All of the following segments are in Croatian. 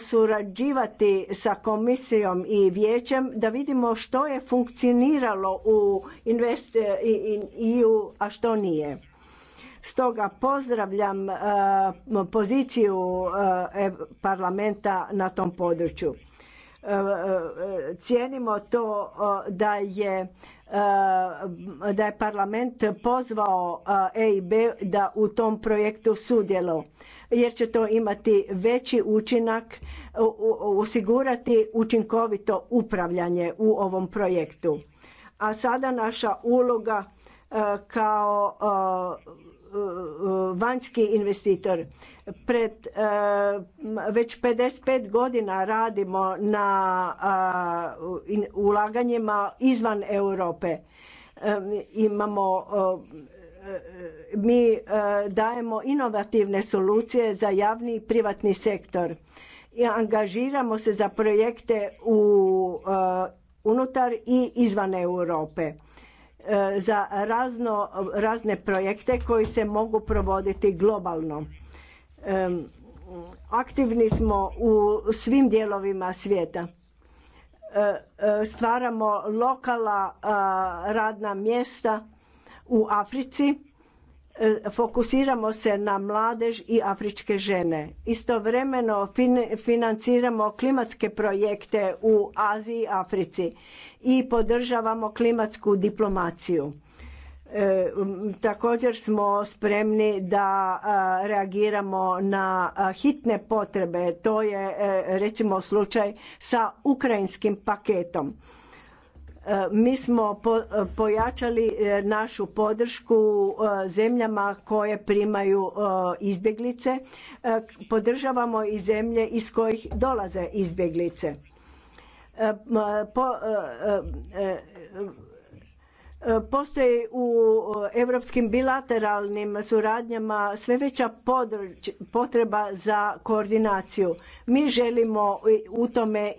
surađivati sa komisijom i vijećem da vidimo što je funkcioniralo u Invest EU, a što nije. Stoga pozdravljam e, poziciju e, parlamenta na tom području. E, cijenimo to da je da je parlament pozvao EIB da u tom projektu sudjelo jer će to imati veći učinak osigurati učinkovito upravljanje u ovom projektu. A sada naša uloga e, kao e, e, vanjski investitor. Pred, već 55 godina radimo na ulaganjima izvan Europe. Imamo mi e, dajemo inovativne solucije za javni i privatni sektor i angažiramo se za projekte u e, unutar i izvan Europe e, za razno, razne projekte koji se mogu provoditi globalno. Aktivni smo u svim dijelovima svijeta. Stvaramo lokala radna mjesta u Africi e, fokusiramo se na mladež i afričke žene. Istovremeno financiramo klimatske projekte u Aziji i Africi i podržavamo klimatsku diplomaciju. E, također smo spremni da reagiramo na hitne potrebe. To je e, recimo slučaj sa ukrajinskim paketom. E, mi smo e, pojačali e, našu podršku zemljama koje primaju izbjeglice. Podržavamo i zemlje iz kojih dolaze izbjeglice. Postoji u europskim eh, bilateralnim suradnjama sve veća potreba za koordinaciju. Mi želimo u tome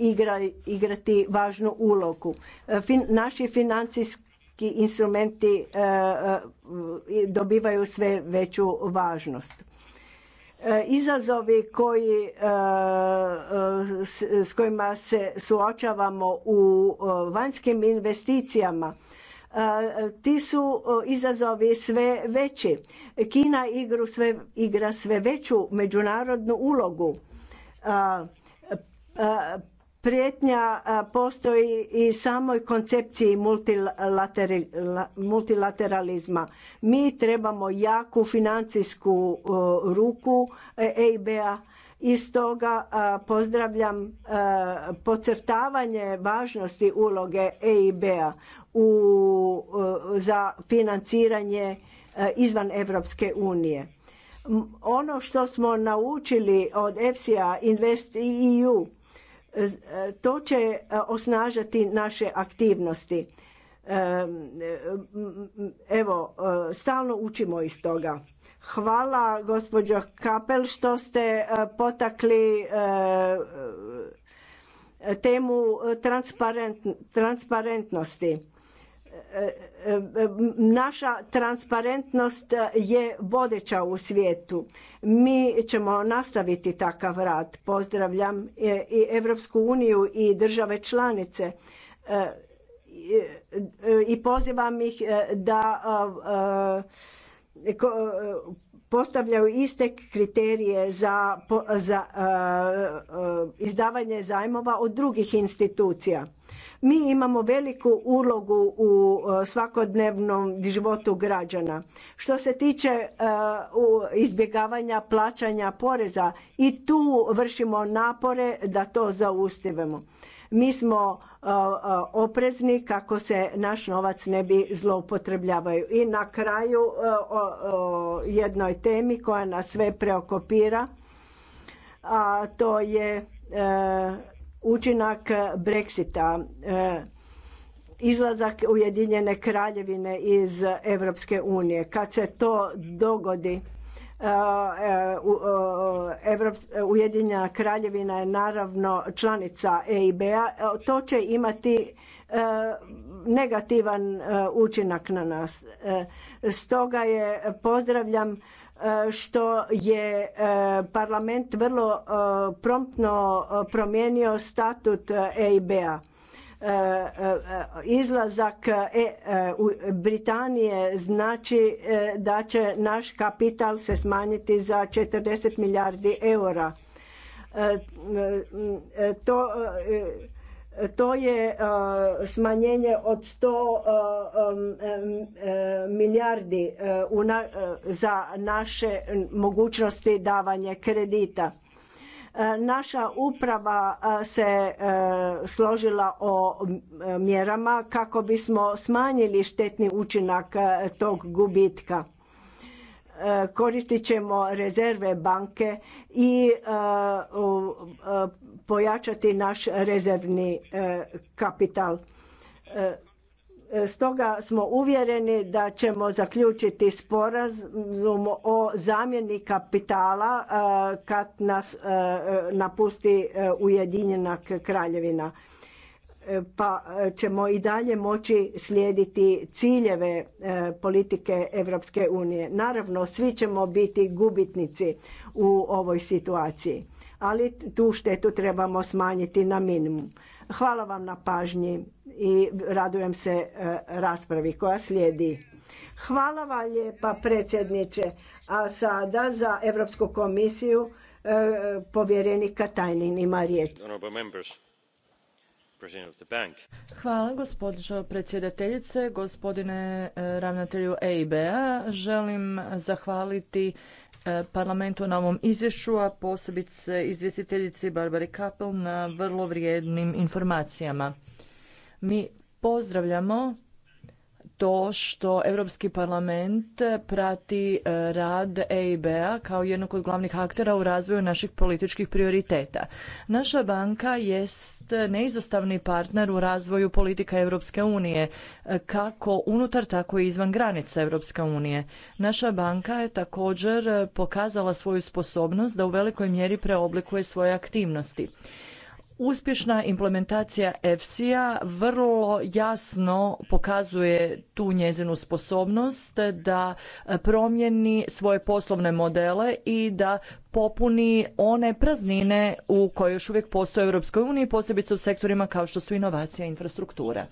igrati važnu ulogu. Eh, naši financijski instrumenti eh, dobivaju sve veću važnost. izazovi koji, s kojima se suočavamo u vanjskim investicijama ti su izazovi sve veći. Kina igru sve, igra sve veću međunarodnu ulogu. Prijetnja postoji i samoj koncepciji multilateralizma. Mi trebamo jaku financijsku ruku EIB-a i stoga pozdravljam podcrtavanje važnosti uloge EIB-a u, e, za financiranje e, izvan Europske unije. Ono što smo naučili od EFSI-a Invest EU, e, to će osnažati naše aktivnosti. Evo, stalno učimo iz toga. Hvala gospođo Kapel što ste potakli temu transparentnosti naša transparentnost je vodeća u svijetu. Mi ćemo nastaviti takav rad. Pozdravljam i Europsku uniju i države članice e, i pozivam ih e, da e, postavljaju iste kriterije za izdavanje zajmova od drugih institucija mi imamo veliku ulogu u e, svakodnevnom životu građana. Što se tiče e, izbjegavanja plaćanja poreza i tu vršimo napore da to zaustivemo. Mi smo e, oprezni kako se naš novac ne bi zloupotrebljavaju. I na kraju o jednoj temi koja nas sve preokopira, a to je učinak e, Brexita, e, izlazak Ujedinjene kraljevine iz Europske unije. Kad se to dogodi, e, Ujedinjena kraljevina je naravno članica EIB-a, to će imati negativan učinak na nas. Stoga je pozdravljam E, što je e, parlament vrlo e, promptno promijenio statut EIB-a. Izlazak Britanije znači da će naš kapital se smanjiti za 40 milijardi eura. To to je e, smanjenje od 100 e, e, milijardi za naše mogućnosti davanja kredita. Naša uprava se složila o mjerama kako bismo smanjili štetni učinak tog gubitka koristit ćemo rezerve banke i e, e, pojačati naš rezervni e, kapital. Stoga smo uvjereni da ćemo zaključiti sporazum o zamjeni kapitala kad nas napusti Ujedinjena kraljevina pa e, ćemo i dalje moći slijediti ciljeve e, politike Europske unije. Naravno, svi ćemo biti gubitnici u ovoj situaciji, ali tu štetu trebamo smanjiti na minimum. Hvala vam na pažnji i radujem se e, raspravi koja slijedi. Hvala vam lijepa predsjedniče, a sada za Europsku komisiju povjerenika Tajnin ima riječ. Hvala gospođo predsjedateljice, gospodine e, ravnatelju EIB-a. Želim zahvaliti e, parlamentu na ovom izvješću, a posebice izvjestiteljici Barbari Kapel na vrlo vrijednim informacijama. Mi pozdravljamo to što Europski parlament prati e, rad EIB-a kao jednog od glavnih aktera u razvoju naših političkih prioriteta. Naša banka jest neizostavni partner u razvoju politika Europske unije, e, kako unutar, tako i izvan granica Europske unije. Naša banka je također e, pokazala svoju sposobnost da u velikoj mjeri preoblikuje svoje aktivnosti. Uspješna implementacija EFSI-a vrlo jasno pokazuje tu njezinu sposobnost da promijeni svoje poslovne modele i da popuni one praznine u koje još uvijek postoje u Europskoj uniji, posebice u sektorima kao što su inovacija i infrastruktura.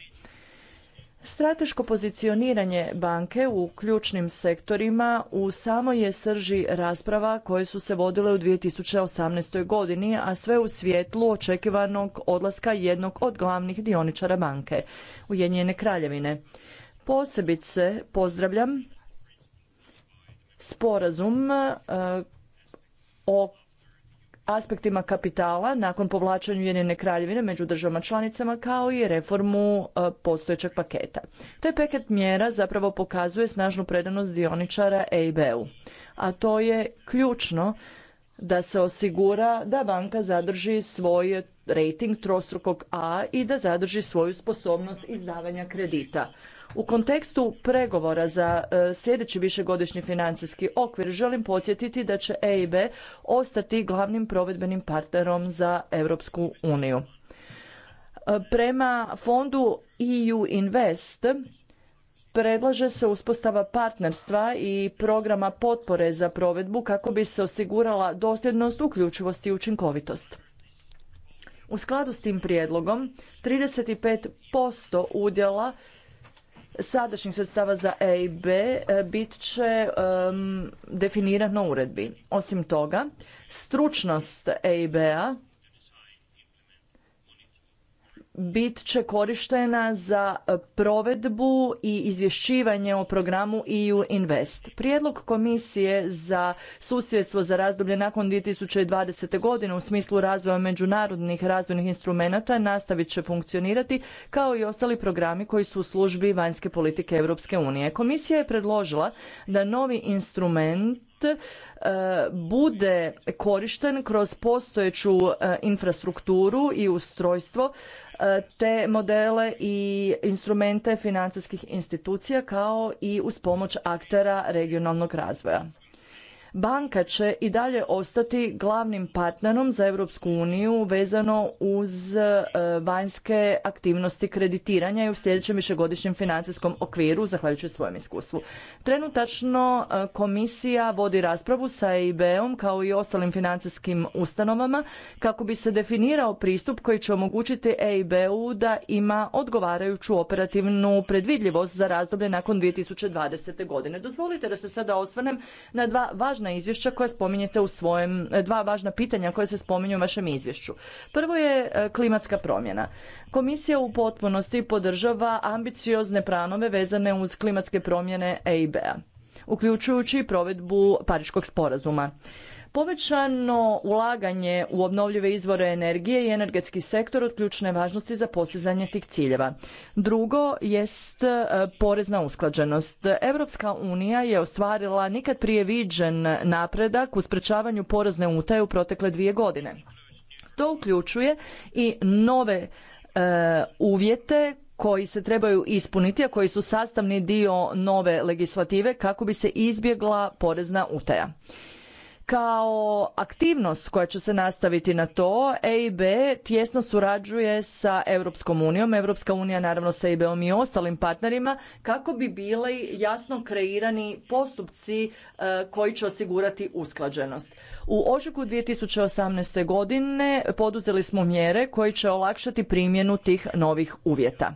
Strateško pozicioniranje banke u ključnim sektorima u samoj je srži rasprava koje su se vodile u 2018. godini, a sve u svijetlu očekivanog odlaska jednog od glavnih dioničara banke, Ujedinjene kraljevine. Posebice pozdravljam sporazum e, o aspektima kapitala nakon povlačenja Ujedinjene kraljevine među državama članicama kao i reformu e, postojećeg paketa. Taj paket mjera zapravo pokazuje snažnu predanost dioničara EIB-u, a to je ključno da se osigura da banka zadrži svoj rating trostrukog A i da zadrži svoju sposobnost izdavanja kredita. U kontekstu pregovora za e, sljedeći višegodišnji financijski okvir želim podsjetiti da će EIB ostati glavnim provedbenim partnerom za Europsku uniju. E, prema fondu EU Invest predlaže se uspostava partnerstva i programa potpore za provedbu kako bi se osigurala dosljednost, uključivost i učinkovitost. U skladu s tim prijedlogom 35% udjela sadašnjih sredstava za EIB e, bit će definirano u uredbi. Osim toga, stručnost EIB-a bit će korištena za provedbu i izvješćivanje o programu EU Invest. Prijedlog komisije za susjedstvo za razdoblje nakon 2020. godine u smislu razvoja međunarodnih razvojnih instrumenata nastavit će funkcionirati kao i ostali programi koji su u službi vanjske politike Europske unije. Komisija je predložila da novi instrument e, bude korišten kroz postojeću e, infrastrukturu i ustrojstvo E, te modele i instrumente financijskih institucija kao i uz pomoć aktera regionalnog razvoja. Banka će i dalje ostati glavnim partnerom za Europsku uniju vezano uz e, vanjske aktivnosti kreditiranja i u sljedećem višegodišnjem financijskom okviru, zahvaljujući svojem iskustvu. Trenutačno e, komisija vodi raspravu sa EIB-om kao i ostalim financijskim ustanovama kako bi se definirao pristup koji će omogućiti EIB-u da ima odgovarajuću operativnu predvidljivost za razdoblje nakon 2020. godine. Dozvolite da se sada osvrnem na dva važna važna izvješća koje spominjete u svojem, e, dva važna pitanja koja se spominju u vašem izvješću. Prvo je e, klimatska promjena. Komisija u potpunosti podržava ambiciozne pranove vezane uz klimatske promjene EIB-a uključujući provedbu Pariškog sporazuma. Povećano ulaganje u obnovljive izvore energije i energetski sektor od ključne važnosti za postizanje tih ciljeva. Drugo jest e, porezna usklađenost. Europska unija je ostvarila nikad prije viđen napredak u sprečavanju porezne utaje u protekle dvije godine. To uključuje i nove e, uvjete koji se trebaju ispuniti, a koji su sastavni dio nove legislative kako bi se izbjegla porezna utaja. Kao aktivnost koja će se nastaviti na to, EIB tjesno surađuje sa Europskom unijom, Europska unija naravno sa EIB-om i ostalim partnerima, kako bi bili jasno kreirani postupci e, koji će osigurati usklađenost. U ožujku 2018. godine poduzeli smo mjere koje će olakšati primjenu tih novih uvjeta.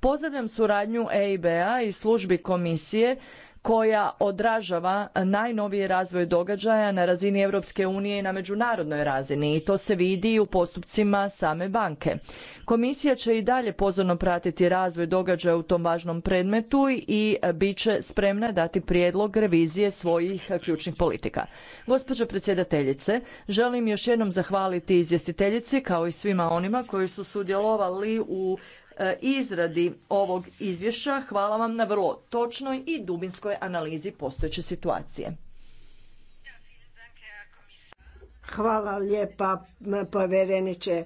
Pozdravljam suradnju EIB-a i službi komisije koja odražava najnoviji razvoj događaja na razini Europske unije i na međunarodnoj razini i to se vidi i u postupcima same banke. Komisija će i dalje pozorno pratiti razvoj događaja u tom važnom predmetu i bit će spremna dati prijedlog revizije svojih ključnih politika. Gospođo predsjedateljice, želim još jednom zahvaliti izvjestiteljici kao i svima onima koji su sudjelovali u E, izradi ovog izvješća. Hvala vam na vrlo točnoj i dubinskoj analizi postojeće situacije. Hvala lijepa povjereniče.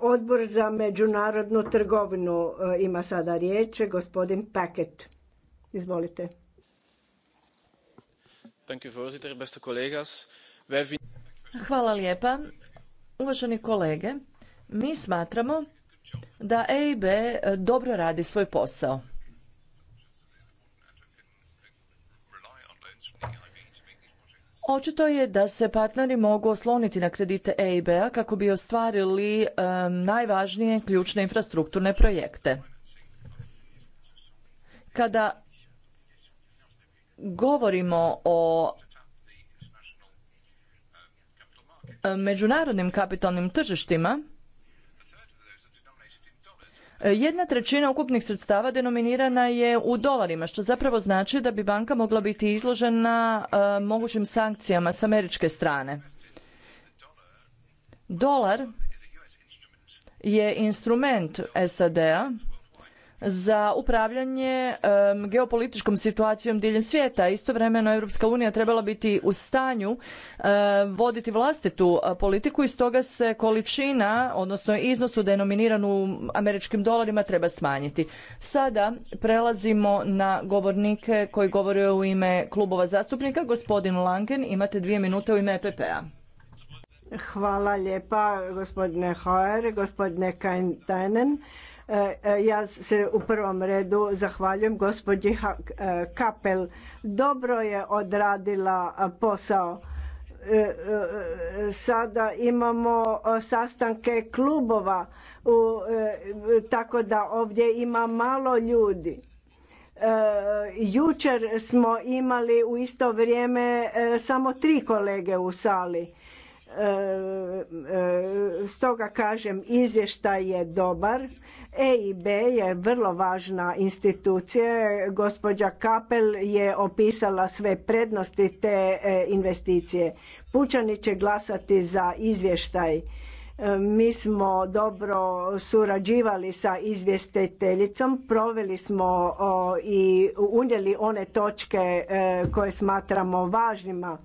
Odbor za međunarodnu trgovinu e, ima sada riječ. Gospodin Paket. Izvolite. Hvala lijepa. Uvaženi kolege, mi smatramo da EIB e, dobro radi svoj posao. Očito je da se partneri mogu osloniti na kredite EIB-a kako bi ostvarili e, najvažnije ključne infrastrukturne projekte. Kada govorimo o e, međunarodnim kapitalnim tržištima, jedna trećina ukupnih sredstava denominirana je u dolarima, što zapravo znači da bi banka mogla biti izložena e, mogućim sankcijama s američke strane. Dolar je instrument SAD-a za upravljanje geopolitičkom situacijom diljem svijeta. Istovremeno Europska unija trebala biti u stanju voditi vlastitu politiku i stoga se količina, odnosno iznosu denominiran u američkim dolarima treba smanjiti. Sada prelazimo na govornike koji govore u ime klubova zastupnika. Gospodin Langen, imate dvije minute u ime EPP-a. Hvala lijepa gospodine Hoer, gospodine E, e, ja se u prvom redu zahvaljujem gospođi e, Kapel. Dobro je odradila posao. Sada imamo sastanke klubova, tako da ovdje ima malo ljudi. Jučer smo imali u isto vrijeme samo tri kolege u sali. Stoga kažem, izvještaj je dobar EIB je vrlo važna institucija. Gospođa Kapel je opisala sve prednosti te e, investicije. Pučani će glasati za izvještaj. E, mi smo dobro surađivali sa izvjestiteljicom, proveli smo i unijeli one točke e, koje smatramo važnima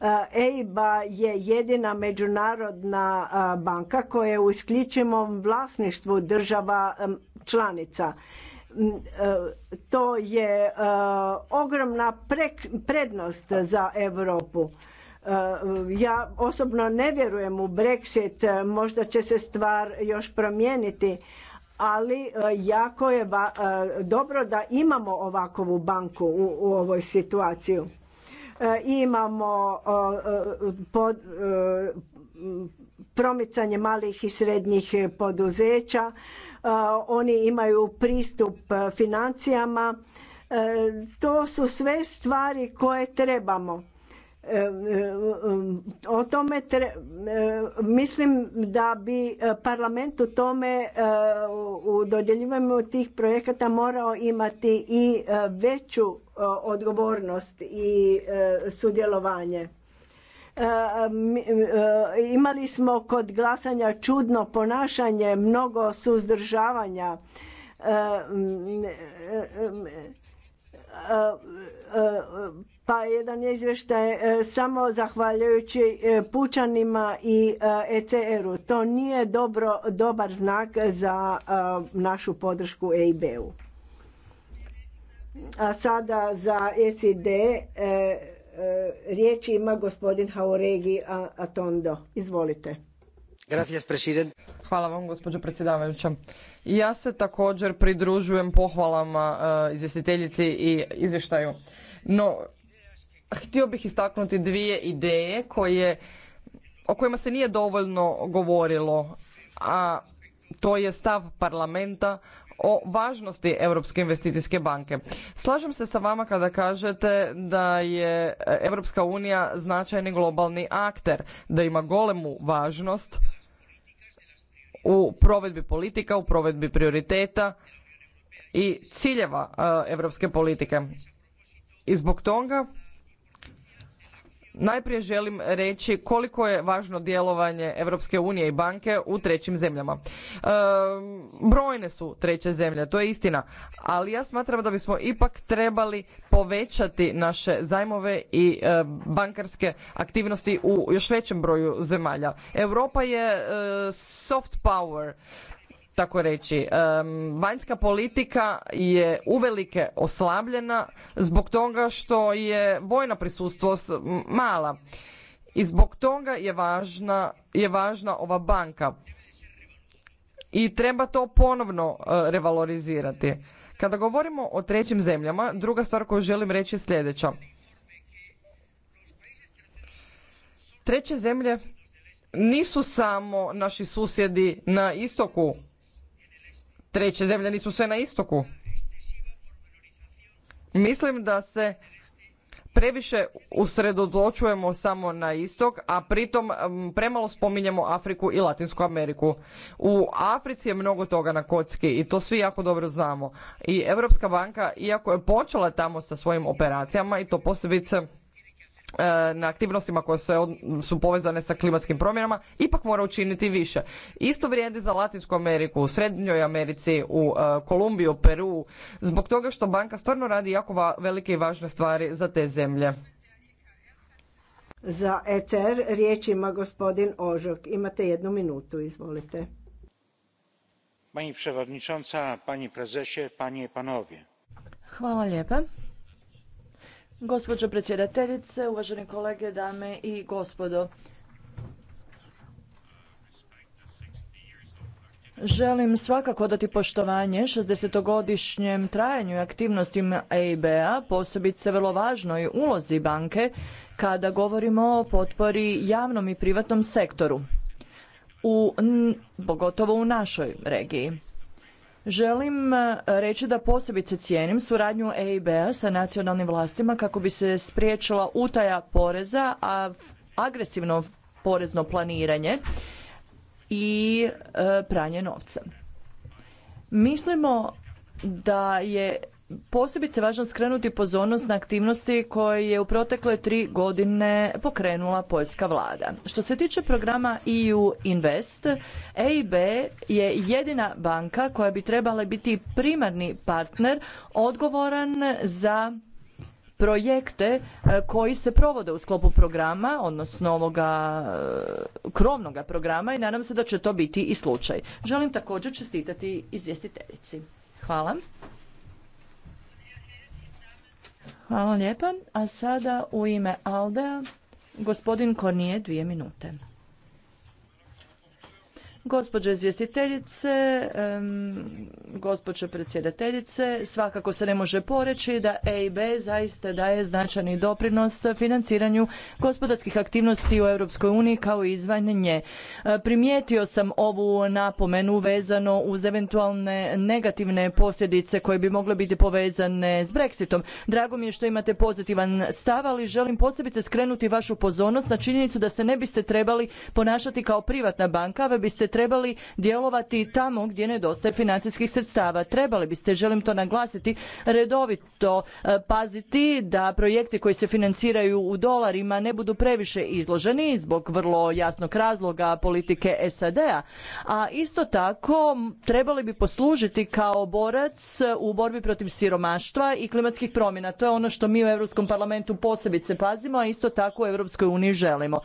Eh, EIBA je jedina međunarodna eh, banka koja je u isključivom vlasništvu država članica. Mm, eh, to je ogromna prednost za Europu. Ja osobno ne vjerujem u Brexit, možda će se stvar još promijeniti, ali jako je dobro da imamo ovakvu banku u, u ovoj situaciji. E, imamo e, promicanje malih i srednjih poduzeća, e, oni imaju pristup financijama. To su sve stvari koje trebamo. E, e, o tome e, mislim da bi parlament u tome u dodjeljivanju tih projekata morao imati i veću odgovornost i sudjelovanje. Imali smo kod glasanja čudno ponašanje, mnogo suzdržavanja pa jedan je izvještaj e, samo zahvaljujući e, pučanima i e, ECR-u. To nije dobro, dobar znak za našu podršku EIB-u. A sada za SID riječ ima gospodin Hauregi Atondo. Izvolite. Gracias, Hvala vam, gospođo predsjedavajuća. Ja se također pridružujem pohvalama izvjestiteljici i izvještaju. No, htio bih istaknuti dvije ideje koje, o kojima se nije dovoljno govorilo, a to je stav parlamenta o važnosti Europske investicijske banke. Slažem se sa vama kada kažete da je Europska unija značajni globalni akter, da ima golemu važnost u provedbi politika, u provedbi prioriteta i ciljeva europske politike. I zbog toga Najprije želim reći koliko je važno djelovanje Europske unije i banke u trećim zemljama. Ehm, brojne su treće zemlje, to je istina, ali ja smatram da bismo ipak trebali povećati naše zajmove i e, bankarske aktivnosti u još većem broju zemalja. Europa je e, soft power tako reći. Vanjska politika je uvelike oslabljena zbog toga što je vojna prisustvo mala i zbog toga je važna, je važna ova banka. I treba to ponovno e, revalorizirati. Kada govorimo o trećim zemljama, druga stvar koju želim reći je sljedeća. Treće zemlje nisu samo naši susjedi na istoku treće zemlje nisu sve na istoku. Mislim da se previše usredotočujemo samo na istok, a pritom premalo spominjemo Afriku i Latinsku Ameriku. U Africi je mnogo toga na kocki i to svi jako dobro znamo. I Europska banka, iako je počela tamo sa svojim operacijama i to posebice E, na aktivnostima koje se su povezane sa klimatskim promjenama ipak mora učiniti više. Isto vrijedi za Latinsku Ameriku, u Srednjoj Americi, u e, Kolumbiju, Peru, zbog toga što banka stvarno radi jako velike i važne stvari za te zemlje. Za ECR riječ ima gospodin Ožok. Imate jednu minutu, izvolite. Pani przewodnicząca, pani prezesie, panie i panowie. Hvala lijepa. Gospođo predsjedateljice, uvaženi kolege, dame i gospodo. Želim svakako dati poštovanje 60-godišnjem trajanju i aktivnostima EIB-a, posebice vrlo važnoj ulozi banke kada govorimo o potpori javnom i privatnom sektoru, u, pogotovo u našoj regiji. Želim e, reći da posebice cijenim suradnju EIB-a sa nacionalnim vlastima kako bi se spriječila utaja poreza, a agresivno porezno planiranje i e, pranje novca. Mislimo da je posebice važno skrenuti pozornost na aktivnosti koje je u protekle tri godine pokrenula poljska vlada. Što se tiče programa EU Invest, EIB je jedina banka koja bi trebala biti primarni partner odgovoran za projekte e, koji se provode u sklopu programa, odnosno ovoga e, krovnoga programa i nadam se da će to biti i slučaj. Želim također čestitati izvjestiteljici. Hvala. Hvala lijepa. A sada u ime Aldea gospodin Kornije dvije minute. Gospođo izvjestiteljice, gospođo predsjedateljice, svakako se ne može poreći da EIB zaista daje značajni doprinos financiranju gospodarskih aktivnosti u Europskoj uniji kao i izvan nje. E, primijetio sam ovu napomenu vezano uz eventualne negativne posljedice koje bi mogle biti povezane s Brexitom. Drago mi je što imate pozitivan stav, ali želim posebice skrenuti vašu pozornost na činjenicu da se ne biste trebali ponašati kao privatna banka, već biste trebali djelovati tamo gdje nedostaje financijskih sredstava. Trebali biste, želim to naglasiti, redovito e, paziti da projekti koji se financiraju u dolarima ne budu previše izloženi zbog vrlo jasnog razloga politike SAD-a, a isto tako trebali bi poslužiti kao borac u borbi protiv siromaštva i klimatskih promjena. To je ono što mi u Europskom parlamentu posebice pazimo, a isto tako u Europskoj uniji želimo.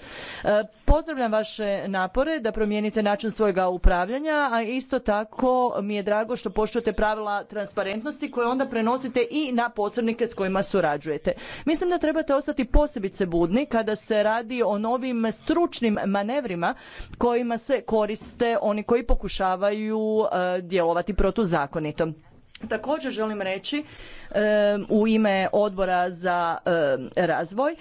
E, pozdravljam vaše napore da promijenite način svojega upravljanja, a isto tako mi je drago što poštujete pravila transparentnosti koje onda prenosite i na posrednike s kojima surađujete. Mislim da trebate ostati posebice budni kada se radi o novim stručnim manevrima kojima se koriste oni koji pokušavaju e, djelovati protuzakonito. Također želim reći u ime odbora za razvoj,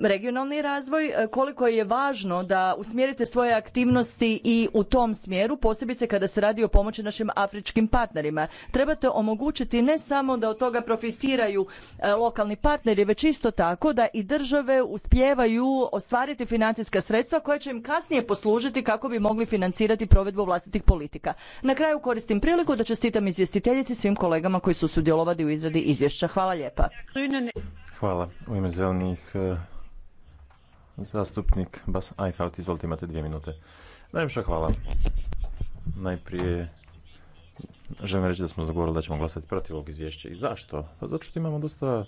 regionalni razvoj, e, koliko je važno da usmjerite svoje aktivnosti i u tom smjeru, posebice kada se radi o pomoći našim afričkim partnerima. Trebate omogućiti ne samo da od toga profitiraju e, lokalni partneri, već isto tako da i države uspijevaju ostvariti financijska sredstva koja će im kasnije poslužiti kako bi mogli financirati provedbu vlastitih politika. Na kraju koristim priliku da čestitam izvjestiteljici svim kolegama koji su sudjelovali u izradi izvješća. Hvala lijepa. Hvala. U ime zelenih e, zastupnik Bas Eichhout, izvolite imate dvije minute. Najviše hvala. Najprije želim reći da smo zagovorili da ćemo glasati protiv ovog izvješća. I zašto? Pa zato što imamo dosta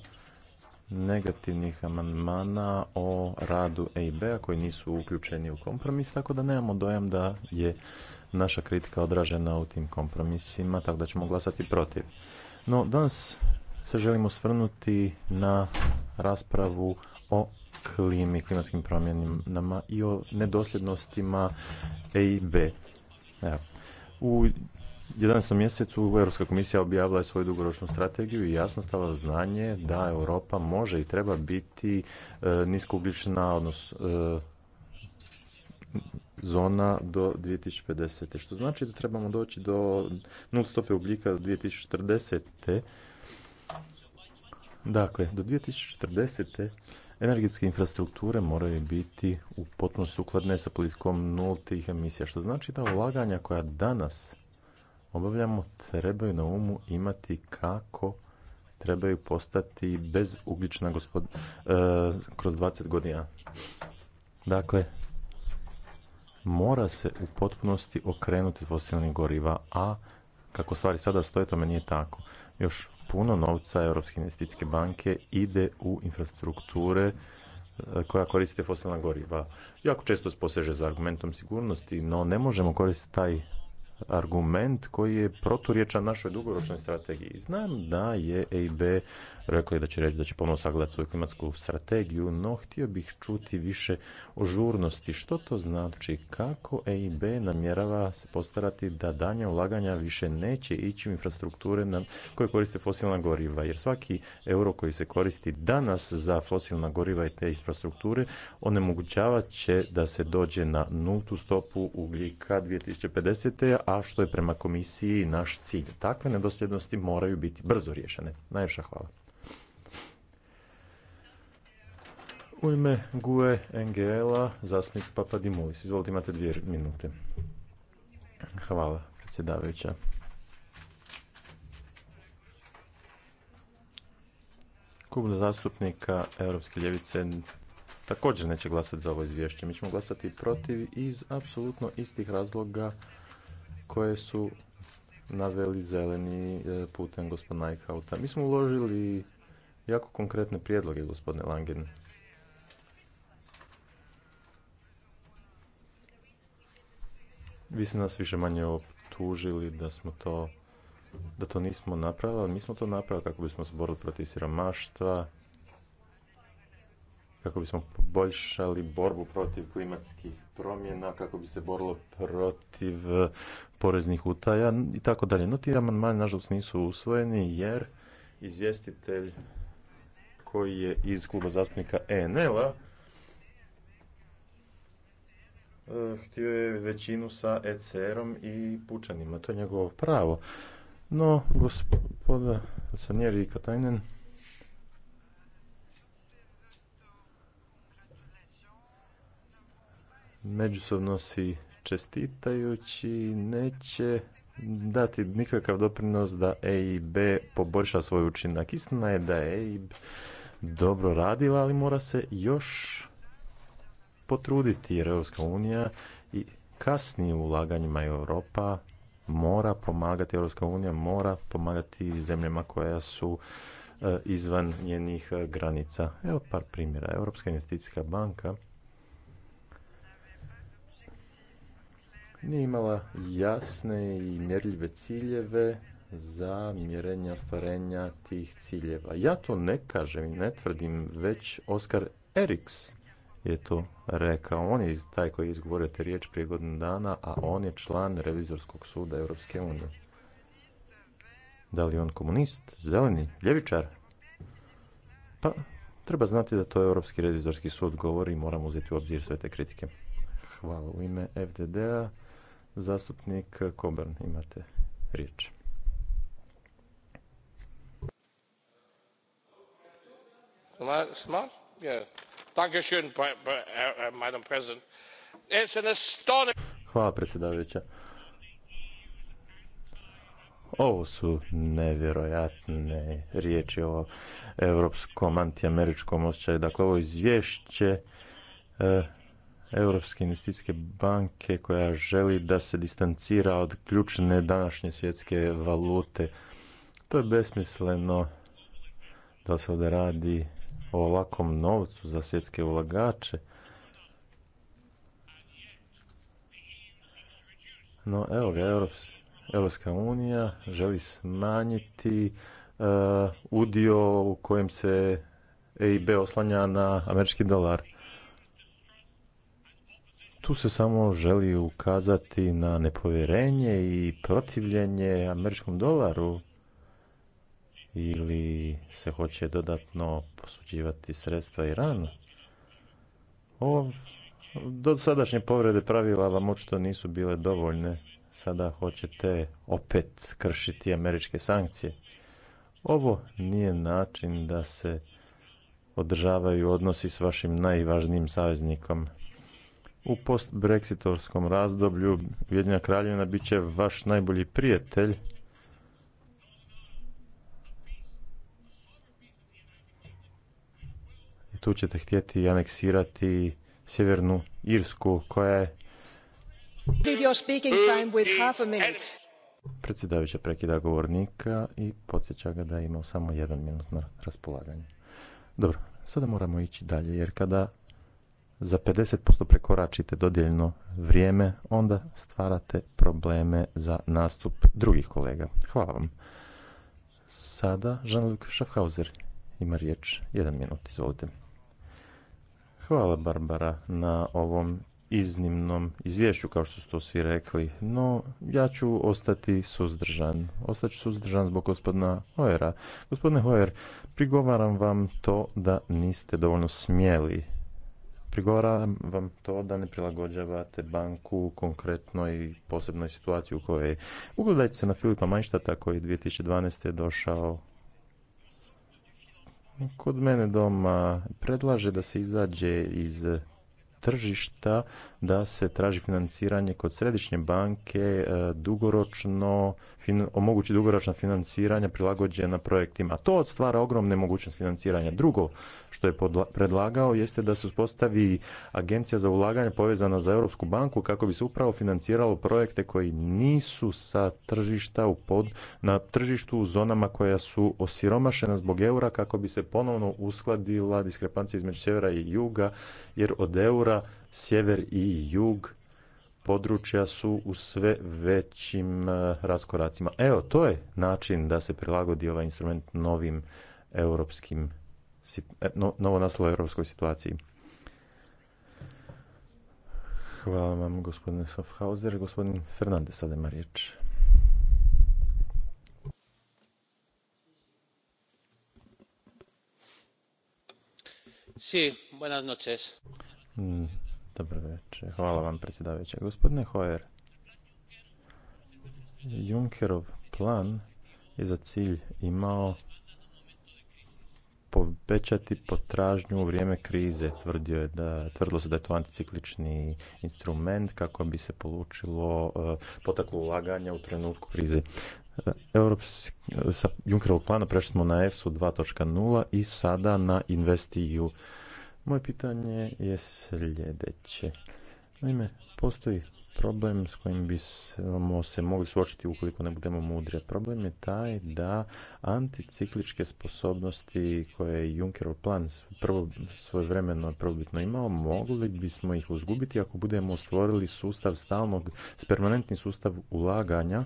negativnih amandmana o radu EIB-a koji nisu uključeni u kompromis, tako da nemamo dojam da je naša kritika odražena u tim kompromisima, tako da ćemo glasati protiv. No, danas se želimo svrnuti na raspravu o klimi, klimatskim promjenama i o nedosljednostima a i B. Evo. U 11. mjesecu Europska komisija objavila je svoju dugoročnu strategiju i jasno stala znanje da Europa može i treba biti nisko e, niskougljična, odnosno e, zona do 2050. Što znači da trebamo doći do nul stope ugljika do 2040. Dakle, do 2040. Energetske infrastrukture moraju biti u potpunosti sukladne sa politikom nultih emisija, što znači da ulaganja koja danas obavljamo trebaju na umu imati kako trebaju postati bez gospod... E, kroz 20 godina. Dakle, mora se u potpunosti okrenuti fosilnih goriva, a kako stvari sada stoje, tome nije tako. Još puno novca Europske investicijske banke ide u infrastrukture e, koja koriste fosilna goriva. Jako često poseže za argumentom sigurnosti, no ne možemo koristiti taj argument koji je proturječan našoj dugoročnoj strategiji. Znam da je EIB rekli da će reći da će ponovno sagledati svoju klimatsku strategiju, no htio bih čuti više o žurnosti. Što to znači? Kako EIB namjerava se postarati da danja ulaganja više neće ići u infrastrukture na koje koriste fosilna goriva? Jer svaki euro koji se koristi danas za fosilna goriva i te infrastrukture onemogućavat će da se dođe na nultu stopu ugljika 2050. a što je prema komisiji naš cilj. Takve nedosljednosti moraju biti brzo riješene. Najljepša hvala. U ime GUE NGL-a, zastupnik Papadimulis. Izvolite, imate dvije minute. Hvala, predsjedavajuća. Klub zastupnika Europske ljevice također neće glasati za ovo izvješće. Mi ćemo glasati protiv iz apsolutno istih razloga koje su naveli zeleni e, putem gospodina Eichhauta. Mi smo uložili jako konkretne prijedloge, gospodine Langen. Vi ste nas više manje optužili da smo to da to nismo napravili, ali mi smo to napravili kako bismo se borili protiv siromaštva, kako bismo poboljšali borbu protiv klimatskih promjena, kako bi se borilo protiv e, poreznih utaja i tako dalje. No ti amandmani nažalost nisu usvojeni jer izvjestitelj koji je iz kluba zastupnika ENL-a Eh, htio je većinu sa ECR-om i pučanima. To je njegovo pravo. No, gospoda Sanjeri i Katajnen, međusobno si čestitajući neće dati nikakav doprinos da EIB poboljša svoj učinak. Istina je da je EIB dobro radila, ali mora se još potruditi jer Europska unija i kasnije u ulaganjima Europa mora pomagati, Europska unija mora pomagati zemljama koja su e, izvan njenih e, granica. Evo par primjera. Europska investicijska banka nije imala jasne i mjerljive ciljeve za mjerenje ostvarenja tih ciljeva. Ja to ne kažem i ne tvrdim, već Oskar Eriks je to rekao. On je taj koji je izgovorio te riječ prije godinu dana, a on je član revizorskog suda Europske unije. Da li je on komunist, zeleni, ljevičar? Pa, treba znati da to je Europski revizorski sud govori i moramo uzeti u obzir sve te kritike. Hvala. U ime FDD-a zastupnik Kobern, imate riječ. Smart? Hvala predsjedavajuća. Ovo su nevjerojatne riječi o europskom antiameričkom osjećaju. Dakle, ovo izvješće Europske investicijske banke koja želi da se distancira od ključne današnje svjetske valute. To je besmisleno da se ovdje radi o lakom novcu za svjetske ulagače. No evo ga, Europska unija želi smanjiti e, udio u kojem se EIB oslanja na američki dolar. Tu se samo želi ukazati na nepovjerenje i protivljenje američkom dolaru ili se hoće dodatno posuđivati sredstva Iranu. Ovo do sadašnje povrede pravila vam očito nisu bile dovoljne. Sada hoćete opet kršiti američke sankcije. Ovo nije način da se održavaju odnosi s vašim najvažnijim saveznikom. U post-brexitorskom razdoblju Ujedinjena kraljevina bit će vaš najbolji prijatelj tu ćete htjeti aneksirati sjevernu Irsku koja je Predsjedavajuća prekida govornika i podsjeća ga da ima samo jedan minut na raspolaganje. Dobro, sada moramo ići dalje jer kada za 50% prekoračite dodijeljeno vrijeme, onda stvarate probleme za nastup drugih kolega. Hvala vam. Sada Jean-Luc Schaffhauser ima riječ. Jedan minut, izvolite. Hvala Barbara na ovom iznimnom izvješću, kao što su to svi rekli, no ja ću ostati suzdržan. ću suzdržan zbog gospodina Hoera. Gospodine Hoer, prigovaram vam to da niste dovoljno smjeli. Prigovaram vam to da ne prilagođavate banku konkretnoj posebnoj situaciji u kojoj je. Ugledajte se na Filipa Majštata koji je 2012. došao kod mene doma predlaže da se izađe iz tržišta da se traži financiranje kod središnje banke e, dugoročno, omogući dugoročna financiranja prilagođena projektima. To stvara ogromne mogućnosti financiranja. Drugo što je predlagao jeste da se uspostavi agencija za ulaganje povezana za Europsku banku kako bi se upravo financiralo projekte koji nisu sa tržišta na tržištu u zonama koja su osiromašena zbog eura kako bi se ponovno uskladila diskrepancija između sjevera i juga jer od eura sjever i jug područja su u sve većim eh, raskoracima. Evo, to je način da se prilagodi ovaj instrument novim europskim, eh, novo naslo europskoj situaciji. Hvala vam, gospodine Sofhauser. Gospodin Fernandez, sada ima Sí, buenas noches. Mm. Dobro večer. Hvala vam, predsjedavajuća. Gospodine Hoyer, Junckerov plan je za cilj imao povećati potražnju u vrijeme krize. Tvrdio je da, tvrdilo se da je to anticiklični instrument kako bi se polučilo, eh, potaklo ulaganja u trenutku krize. Eh, Europski, sa Junckerovog plana prešli smo na EFSU 2.0 i sada na investiju moje pitanje je sljedeće. Naime, postoji problem s kojim bismo se mogli suočiti ukoliko ne budemo mudri. Problem je taj da anticikličke sposobnosti koje je Junckerov plan prvo svojevremeno prvobitno imao, mogli bismo ih uzgubiti ako budemo stvorili sustav stalnog, permanentni sustav ulaganja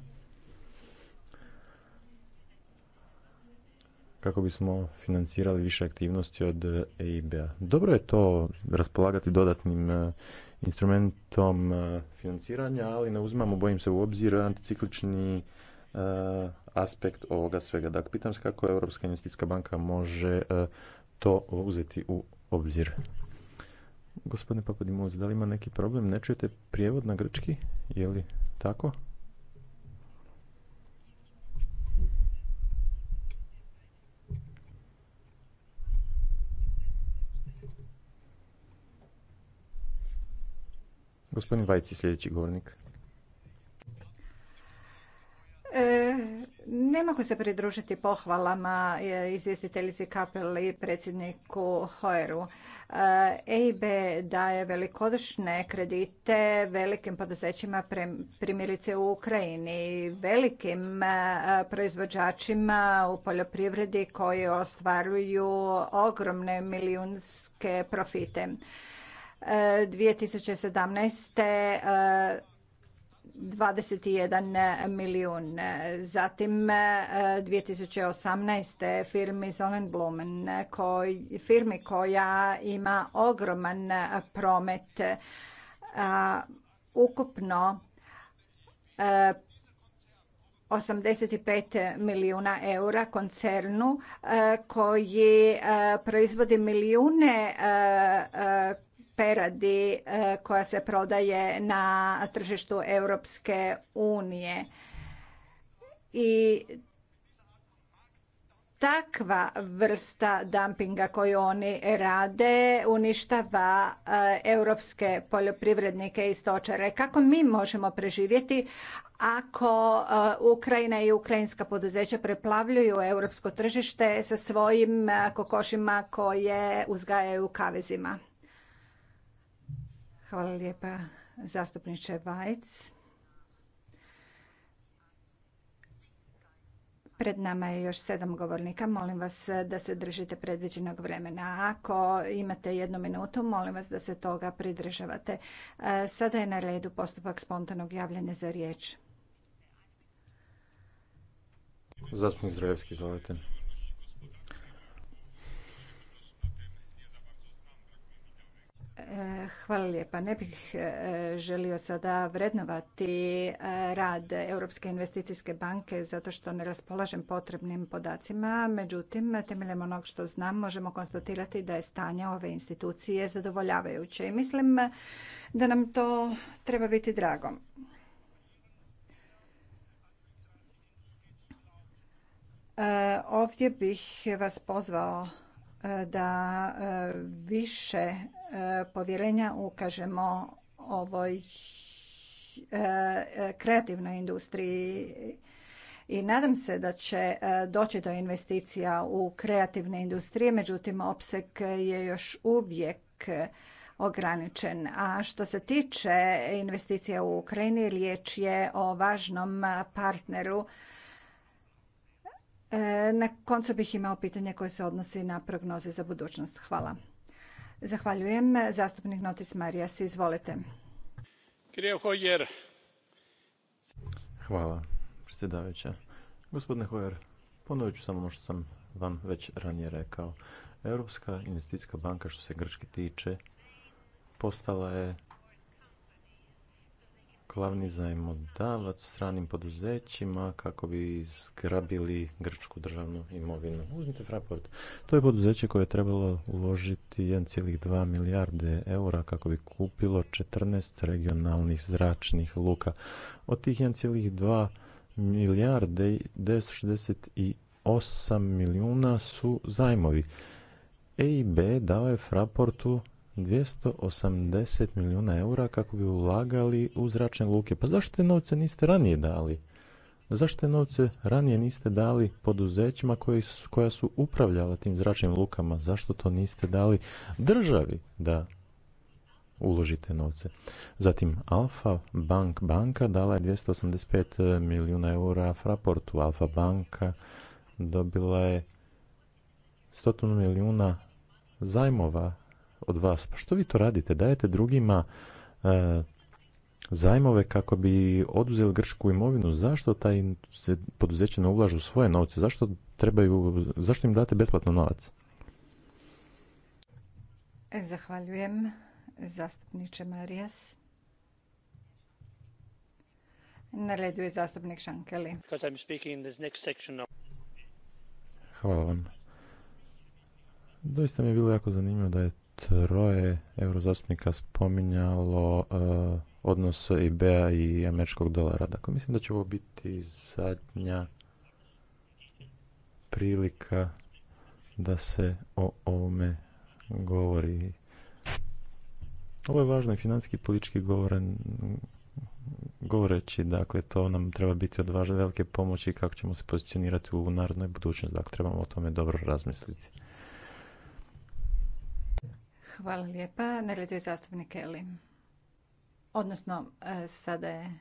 kako bismo financirali više aktivnosti od e, EIB-a. Dobro je to raspolagati dodatnim e, instrumentom e, financiranja, ali ne uzimamo, bojim se, u obzir anticiklični aspekt ovoga svega. Dakle, pitam se kako Europska investicijska banka može to uzeti u obzir. Gospodine Papadimović, da li ima neki problem? Ne čujete prijevod na grčki? Je li tako? Gospodin Vajci, sljedeći govornik. E, ne mogu se pridružiti pohvalama e, izvjestiteljici Kapel i predsjedniku Hoeru. EIB e daje velikodušne kredite velikim poduzećima primjerice u Ukrajini, velikim e, proizvođačima u poljoprivredi koji ostvaruju ogromne milijunske profite. 2017. 21 e, milijun. Zatim 2018. firmi Sonnenblumen, koj, firmi koja ima ogroman promet. Ukupno 85 e, milijuna eura koncernu e, koji proizvodi milijune peradi eh, koja se prodaje na tržištu Europske unije. I takva vrsta dumpinga koju oni rade uništava eh, europske poljoprivrednike i stočare. Kako mi možemo preživjeti ako eh, Ukrajina i ukrajinska poduzeća preplavljuju europsko tržište sa svojim kokošima koje uzgajaju u kavezima? Hvala lijepa zastupniče Vajc. Pred nama je još sedam govornika. Molim vas da se držite predviđenog vremena. Ako imate jednu minutu, molim vas da se toga pridržavate. E, sada je na redu postupak spontanog javljanja za riječ. Zastupnik Zdravevski, izvolite. Hvala lijepa. Ne bih e, želio sada vrednovati e, rad Europske investicijske banke zato što ne raspolažem potrebnim podacima. Međutim, temeljem onog što znam možemo konstatirati da je stanje ove institucije zadovoljavajuće i mislim da nam to treba biti drago. E, ovdje bih vas pozvao da e, više e, povjerenja ukažemo ovoj e, kreativnoj industriji i nadam se da će doći do investicija u kreativne industrije, međutim opseg je još uvijek ograničen. A što se tiče investicija u Ukrajini, riječ je o važnom partneru E, na koncu bih imao pitanje koje se odnosi na prognoze za budućnost. Hvala. Zahvaljujem. Zastupnik Notis Marijas, izvolite. Hvala, predsjedavajuća. Gospodine Hojer, ponovit ću samo ono što sam vam već ranije rekao. Europska investicijska banka što se Grčke tiče postala je glavni zajmodavac stranim poduzećima kako bi zgrabili grčku državnu imovinu. Uzmite Fraport. To je poduzeće koje je trebalo uložiti 1,2 milijarde eura kako bi kupilo 14 regionalnih zračnih luka. Od tih 1,2 milijarde 968 milijuna su zajmovi. EIB dao je Fraportu 280 milijuna eura kako bi ulagali u zračne luke. Pa zašto te novce niste ranije dali? Zašto te novce ranije niste dali poduzećima koji koja su upravljala tim zračnim lukama? Zašto to niste dali državi da uložite novce? Zatim Alfa Bank banka dala je 285 milijuna eura Fraportu. Alfa banka dobila je 100 milijuna zajmova od vas. Pa što vi to radite? Dajete drugima e, zajmove kako bi oduzeli grčku imovinu. Zašto taj se poduzeće ne ulažu svoje novce? Zašto, trebaju, zašto im date besplatno novac? E, zahvaljujem zastupniče Marijas. Na redu je zastupnik Šankeli. Hvala vam. Doista mi je bilo jako zanimljivo da je troje eurozastupnika spominjalo uh, odnos iba e i američkog dolara. Dakle, mislim da će ovo biti zadnja prilika da se o ovome govori. Ovo je važno i financijski i politički govoren, govoreći, dakle, to nam treba biti od važne velike pomoći kako ćemo se pozicionirati u narodnoj budućnosti. Dakle, trebamo o tome dobro razmisliti. Hvala lijepa. E, e, na redu je zastupnik Odnosno, sada je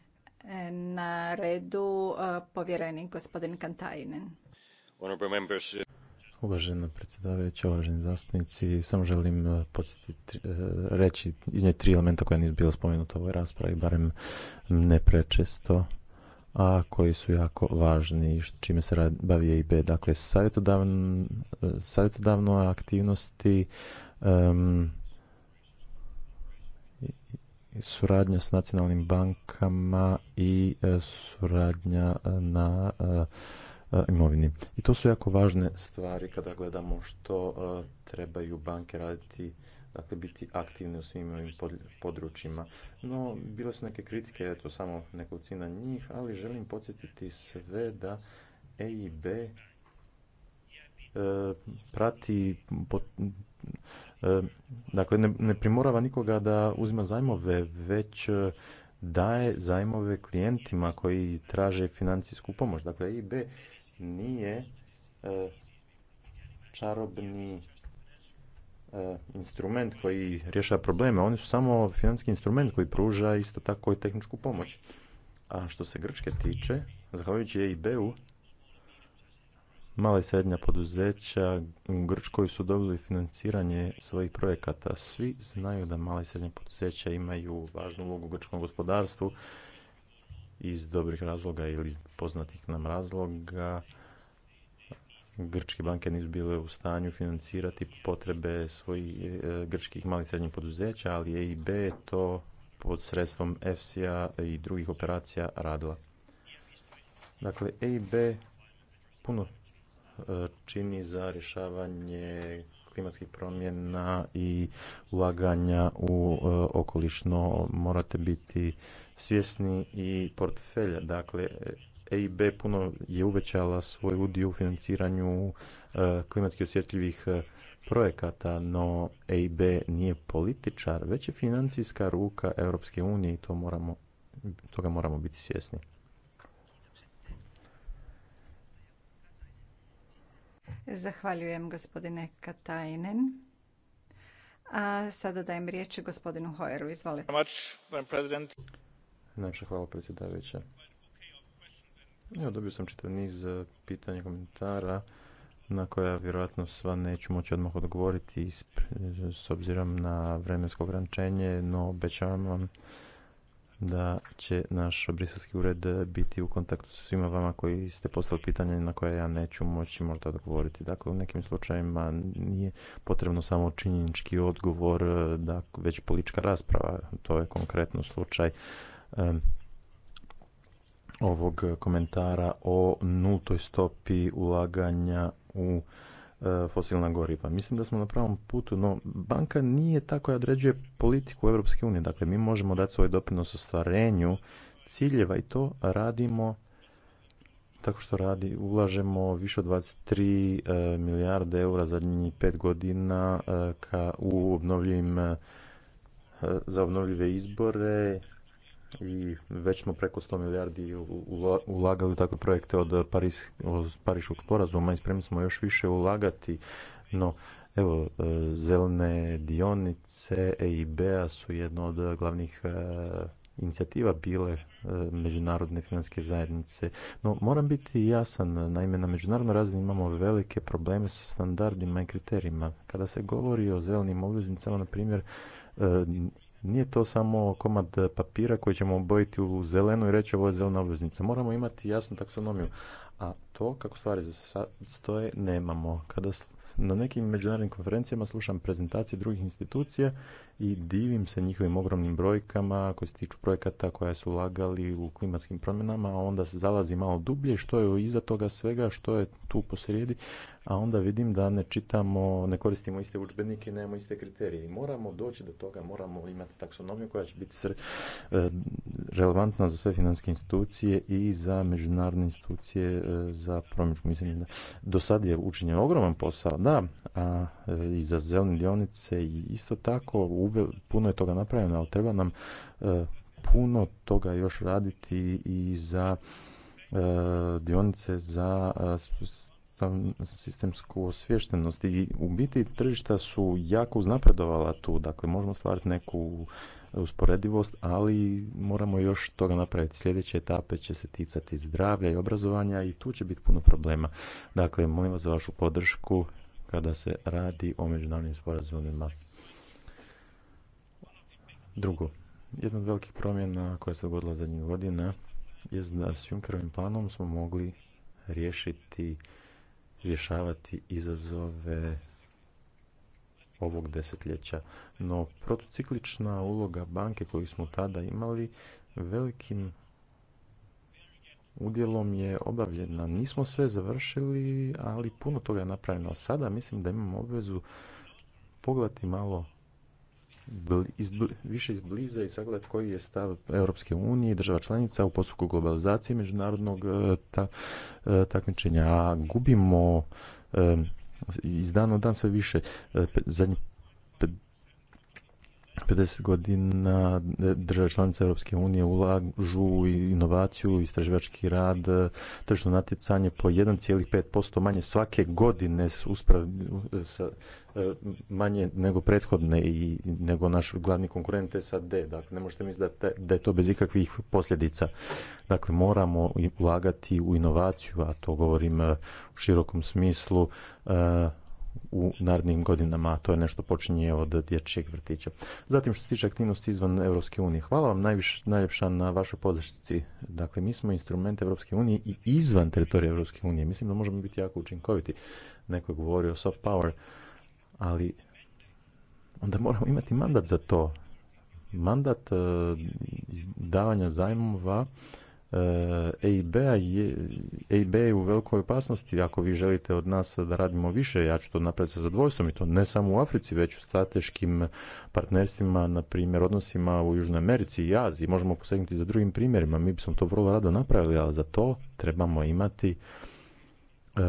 na redu povjereni gospodin Kantajinen. Uvažena predsjedavajuća, uvaženi zastupnici, samo želim e, podsjetiti, reći, iznijeti tri elementa koja nisu bila spomenuta u ovoj raspravi, barem ne prečesto, a koji su jako važni i čime se bavi b Dakle, savjetodavno aktivnosti, suradnja s nacionalnim bankama i e, suradnja e, na e, imovini. I to su jako važne stvari kada gledamo što trebaju banke raditi, dakle biti aktivne u svim ovim područjima. No, bile su neke kritike, eto samo nekolicina njih, ali želim podsjetiti sve da EIB E, prati e, dakle ne, ne primorava nikoga da uzima zajmove već e, daje zajmove klijentima koji traže financijsku pomoć dakle IB nije čarobni instrument koji rješava probleme oni su samo financijski instrument koji pruža isto tako i tehničku pomoć a što se grčke tiče zahvaljujući EIB-u mala i srednja poduzeća u grčkoj su dobili financiranje svojih projekata svi znaju da mala i srednja poduzeća imaju važnu ulogu u grčkom gospodarstvu iz dobrih razloga ili iz poznatih nam razloga grčke banke nisu bile u stanju financirati potrebe svojih e, grčkih malih srednjih poduzeća ali EIB je to pod sredstvom EFSI-a i drugih operacija radila. Dakle, EIB puno čini za rješavanje klimatskih promjena i ulaganja u e, okolišno morate biti svjesni i portfelja. Dakle, EIB puno je uvećala svoj udio u financiranju e, klimatski osjetljivih e, projekata, no EIB nije političar, već je financijska ruka Europske unije i to moramo, toga moramo biti svjesni. Zahvaljujem gospodine Katajnen. A sada dajem riječ gospodinu Hoyeru. Izvolite. Najpša hvala predsjedavajuća. Ja dobio sam čitav niz e, pitanja i komentara na koja vjerojatno sva neću moći odmah odgovoriti s obzirom na vremensko ograničenje, no obećavam vam da će naš briselski ured eh, biti u kontaktu sa svima vama koji ste poslali pitanja na koje ja neću moći možda odgovoriti. Dakle, u nekim slučajevima nije potrebno samo činjenički odgovor, eh, da već politička rasprava. To je konkretno slučaj ovog komentara o nultoj stopi ulaganja u E, fosilna goriva. Mislim da smo na pravom putu, no banka nije ta koja određuje politiku Europske unije. Dakle, mi možemo dati svoj doprinos ostvarenju ciljeva i to radimo tako što radi, ulažemo više od 23 e, milijarde eura zadnjih pet godina e, ka, u obnovljivim za obnovljive izbore i već smo preko 100 milijardi ulagali u takve projekte od, Paris, od Pariškog sporazuma i spremni smo još više ulagati, no Evo, e, zelene dionice EIB-a su jedna od glavnih e, inicijativa bile e, međunarodne financijske zajednice. No, moram biti jasan, naime na međunarodnoj razini imamo velike probleme sa standardima i kriterijima. Kada se govori o zelenim obveznicama, na primjer, nije to samo komad papira koji ćemo obojiti u zelenu i reći ovo je zelena obveznica. Moramo imati jasnu taksonomiju. A to kako stvari za sad stoje nemamo. Kada na nekim međunarodnim konferencijama slušam prezentacije drugih institucija i divim se njihovim ogromnim brojkama koji se tiču projekata koja su ulagali u klimatskim promjenama, a onda se zalazi malo dublje što je iza toga svega, što je tu posrijedi a onda vidim da ne čitamo, ne koristimo iste udžbenike nemamo iste kriterije. I moramo doći do toga, moramo imati taksonomiju koja će biti e, relevantna za sve financijske institucije i za međunarodne institucije e, za promičku. Mislim da do sad je učinjen ogroman posao, da, a e, i za zelene dionice i isto tako puno je toga napravljeno, ali treba nam puno toga još raditi i za dionice za sistemsku osviještenost i u biti tržišta su jako uznapredovala tu, dakle možemo stvarati neku usporedivost, ali moramo još toga napraviti. Sljedeće etape će se ticati zdravlja i obrazovanja i tu će biti puno problema. Dakle, molim vas za vašu podršku kada se radi o međunarodnim sporazumima. Drugo, jedna od velikih promjena koja se dogodila zadnjih godina je da s Junkerovim planom smo mogli riješiti rješavati izazove ovog desetljeća. No protociklična uloga banke koju smo tada imali velikim udjelom je obavljena. Nismo sve završili, ali puno toga je napravljeno. Sada mislim da imamo obvezu pogledati malo više izbliza i sagled koji je stav Europske unije i država članica u postupku globalizacije međunarodnog e, e, takmičenja. A gubimo e, iz dana u dan sve više. Zadnjih 50 godina e, države članice Europske unije ulažu u inovaciju, istraživački rad, e, tržno natjecanje po 1,5% manje svake godine e, sa, manje nego prethodne i nego naš glavni konkurent SAD. Dakle, ne možete misliti da, da je to bez ikakvih posljedica. Dakle, moramo ulagati u inovaciju, a to govorim u širokom smislu, u narednim godinama, a to je nešto počinje od dječjeg vrtića. Zatim što se tiče aktivnosti izvan Europske unije, hvala vam najviš, najljepša na vašoj podršci. Dakle, mi smo instrument Europske unije i izvan teritorija Europske unije. Mislim da možemo biti jako učinkoviti. Neko je govorio o soft power, ali onda moramo imati mandat za to. Mandat eh, davanja zajmova eib je, u velikoj opasnosti. Ako vi želite od nas da radimo više, ja ću to napraviti sa zadvojstvom i to ne samo u Africi, već u strateškim partnerstvima, na primjer odnosima u Južnoj Americi i Aziji. Možemo posegnuti za drugim primjerima. Mi bismo to vrlo rado napravili, ali za to trebamo imati e,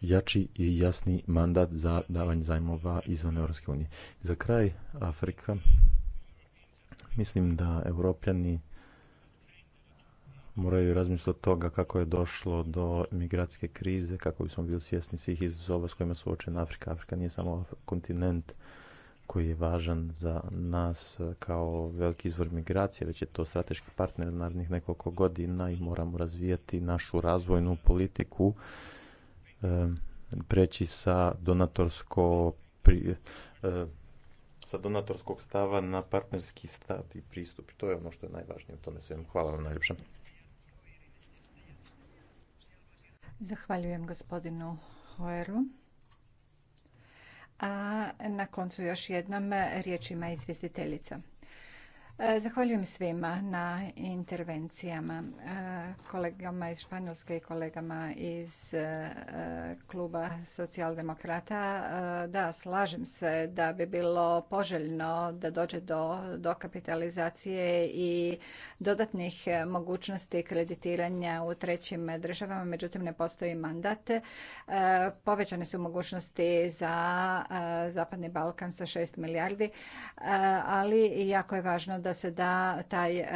jači i jasni mandat za davanje zajmova izvan EU. unije. Za kraj Afrika. Mislim da europljani moraju razmisliti od toga kako je došlo do migracijske krize, kako bismo bili svjesni svih izazova s kojima suočena Afrika. Afrika nije samo kontinent koji je važan za nas kao veliki izvor migracije, već je to strateški partner narednih nekoliko godina i moramo razvijati našu razvojnu politiku, preći sa donatorsko sa donatorskog stava na partnerski stav i pristup. To je ono što je najvažnije u tome svemu. Hvala vam najljepša. Zahvaljujem gospodinu Hoeru. A na koncu još jednom riječ ima izvjestiteljica. E, zahvaljujem svima na intervencijama, e, kolegama iz Španjolske i kolegama iz e, kluba socijaldemokrata. Da, slažem se da bi bilo poželjno da dođe do dokapitalizacije i dodatnih mogućnosti kreditiranja u trećim državama, međutim ne postoji mandat. Povećane su mogućnosti za Zapadni Balkan sa 6 milijardi, ali jako je važno da se da taj e,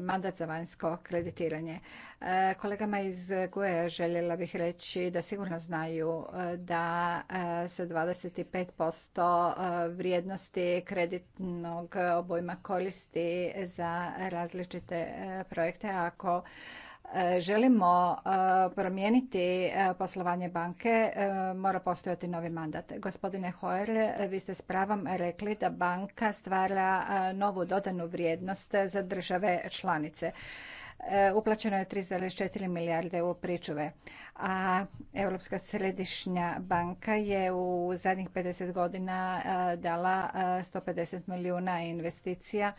mandat za vanjsko kreditiranje. E, Kolegama iz GUE željela bih reći da sigurno znaju e, da se 25% vrijednosti kreditnog obojma koristi za različite projekte. Ako E, želimo e, promijeniti e, poslovanje banke, mora postojati novi mandat. Gospodine Hoer, vi ste s pravom rekli da banka stvara novu dodanu vrijednost za države članice. Uplaćeno je 3,4 milijarde u pričuve, a Europska središnja banka je u zadnjih 50 godina dala 150 milijuna investicija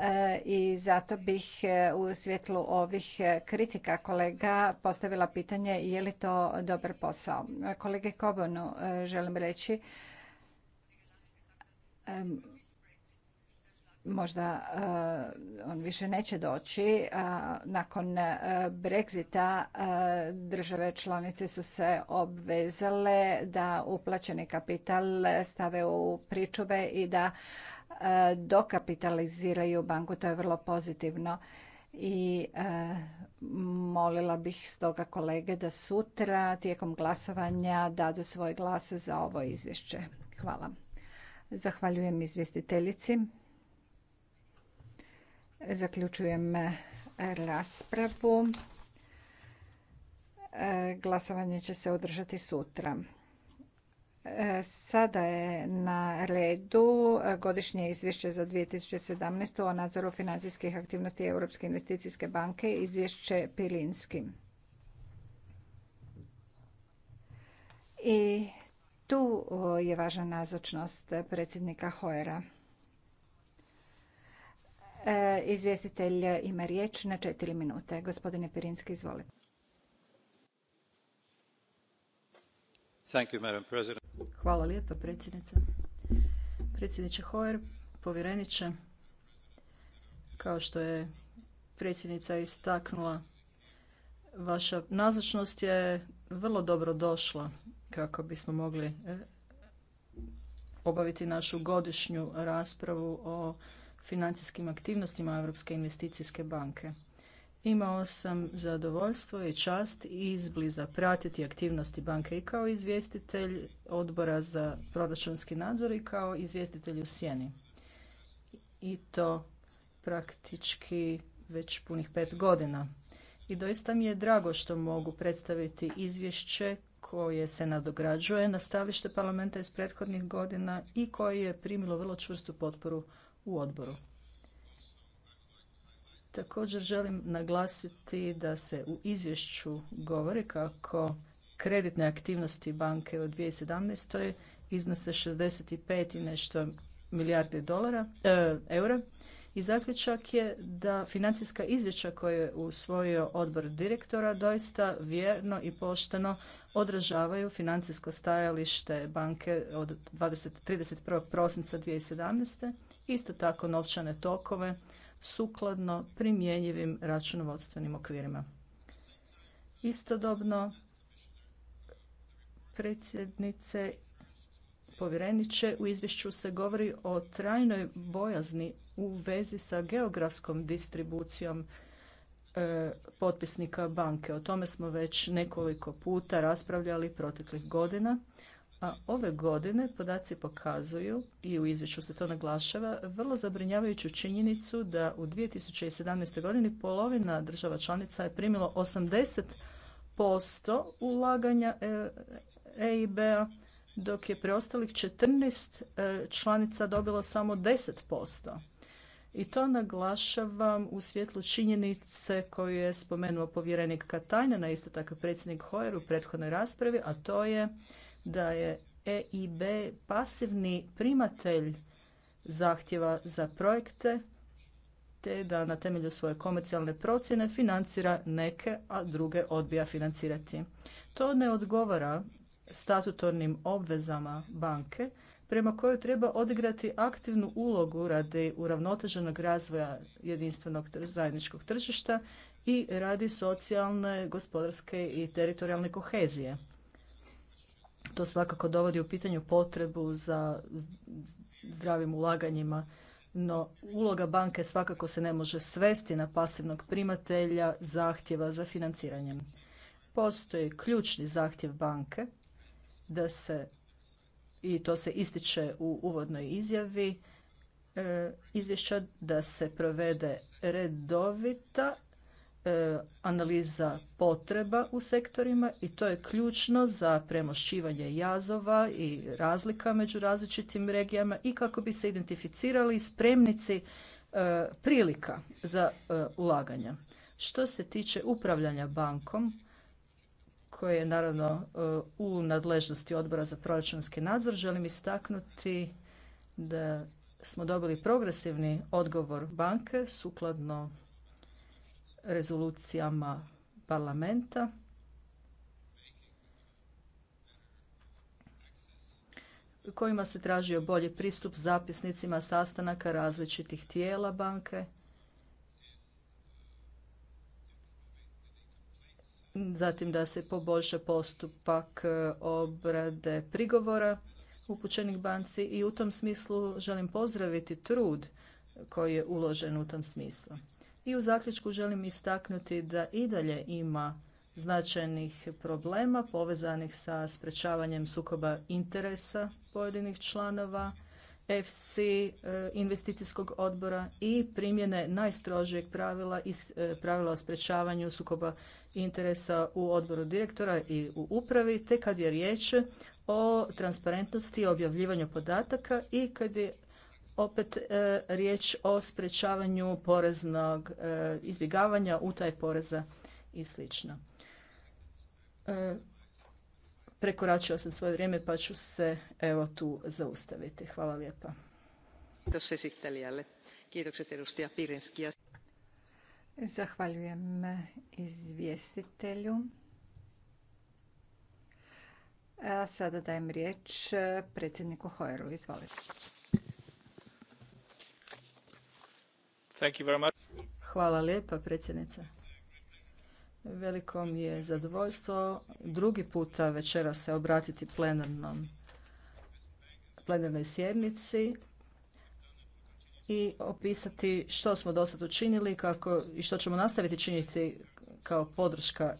E, i zato bih e, u svjetlu ovih e, kritika kolega postavila pitanje je li to dobar posao. Kolege Kobonu želim reći možda on više neće doći. Nakon Brexita države članice su se obvezale da uplaćeni kapital stave u pričuve i da E, dokapitaliziraju banku, to je vrlo pozitivno. I e, molila bih stoga kolege da sutra tijekom glasovanja dadu svoje glas za ovo izvješće. Hvala. Zahvaljujem izvjestiteljici. Zaključujem e, raspravu. Glasovanje će se održati sutra. Sada je na redu godišnje izvješće za 2017. o nadzoru financijskih aktivnosti Europske investicijske banke, izvješće Pilinski. I tu je važna nazočnost predsjednika Hoera e, Izvjestitelj ima riječ na četiri minute. Gospodine Pirinski, izvolite. Hvala lijepa predsjednice. Predsjedniče Hoer, povjereniče, kao što je predsjednica istaknula, vaša nazočnost je vrlo dobro došla kako bismo mogli e, obaviti našu godišnju raspravu o financijskim aktivnostima Europske investicijske banke. Imao sam zadovoljstvo i čast izbliza pratiti aktivnosti banke i kao izvjestitelj odbora za proračunski nadzor i kao izvjestitelj u Sjeni. I to praktički već punih pet godina. I doista mi je drago što mogu predstaviti izvješće koje se nadograđuje na stavište parlamenta iz prethodnih godina i koje je primilo vrlo čvrstu potporu u odboru. Također želim naglasiti da se u izvješću govori kako kreditne aktivnosti banke u 2017. iznose 65 i nešto milijardi dolara, e, eura i zaključak je da financijska izvješća koje je usvojio odbor direktora doista vjerno i pošteno odražavaju financijsko stajalište banke od 20, 31. prosinca 2017. Isto tako novčane tokove sukladno primjenjivim računovodstvenim okvirima. Istodobno, predsjednice povjereniče, u izvješću se govori o trajnoj bojazni u vezi sa geografskom distribucijom e, potpisnika banke. O tome smo već nekoliko puta raspravljali proteklih godina, a ove godine podaci pokazuju, i u izvješću se to naglašava, vrlo zabrinjavajuću činjenicu da u 2017. godini polovina država članica je primilo 80% ulaganja EIB-a, e dok je preostalih 14 e, članica dobilo samo 10%. I to naglašavam u svjetlu činjenice koju je spomenuo povjerenik Katajna, na isto tako predsjednik Hojer u prethodnoj raspravi, a to je da je EIB pasivni primatelj zahtjeva za projekte te da na temelju svoje komercijalne procjene financira neke, a druge odbija financirati. To ne odgovara statutornim obvezama banke prema kojoj treba odigrati aktivnu ulogu radi uravnoteženog razvoja jedinstvenog zajedničkog tržišta i radi socijalne, gospodarske i teritorijalne kohezije. To svakako dovodi u pitanju potrebu za zdravim ulaganjima, no uloga banke svakako se ne može svesti na pasivnog primatelja zahtjeva za financiranjem. Postoji ključni zahtjev banke da se, i to se ističe u uvodnoj izjavi, e, izvješća da se provede redovita E, analiza potreba u sektorima i to je ključno za premošćivanje jazova i razlika među različitim regijama i kako bi se identificirali spremnici e, prilika za e, ulaganja. Što se tiče upravljanja bankom, koje je naravno u nadležnosti Odbora za proračunski nadzor, želim istaknuti da smo dobili progresivni odgovor banke sukladno rezolucijama parlamenta. kojima se tražio bolji pristup zapisnicima sastanaka različitih tijela banke, zatim da se poboljša postupak e, obrade prigovora upućenih banci i u tom smislu želim pozdraviti trud koji je uložen u tom smislu. I u zaključku želim istaknuti da i dalje ima značajnih problema povezanih sa sprečavanjem sukoba interesa pojedinih članova FC e, investicijskog odbora i primjene najstrožijeg pravila i e, pravila o sprečavanju sukoba interesa u odboru direktora i u upravi, te kad je riječ o transparentnosti i objavljivanju podataka i kad je opet e, riječ o sprečavanju poreznog e, izbjegavanja, utaj poreza i sl. E, prekoračio sam svoje vrijeme pa ću se evo tu zaustaviti. Hvala lijepa. Zahvaljujem izvjestitelju. A sada dajem riječ e, predsjedniku Hojeru. Izvolite. Hvala lijepa predsjednice. Veliko mi je zadovoljstvo drugi puta večera se obratiti plenarnom plenarnoj sjednici i opisati što smo do sad učinili kako, i što ćemo nastaviti činiti kao podrška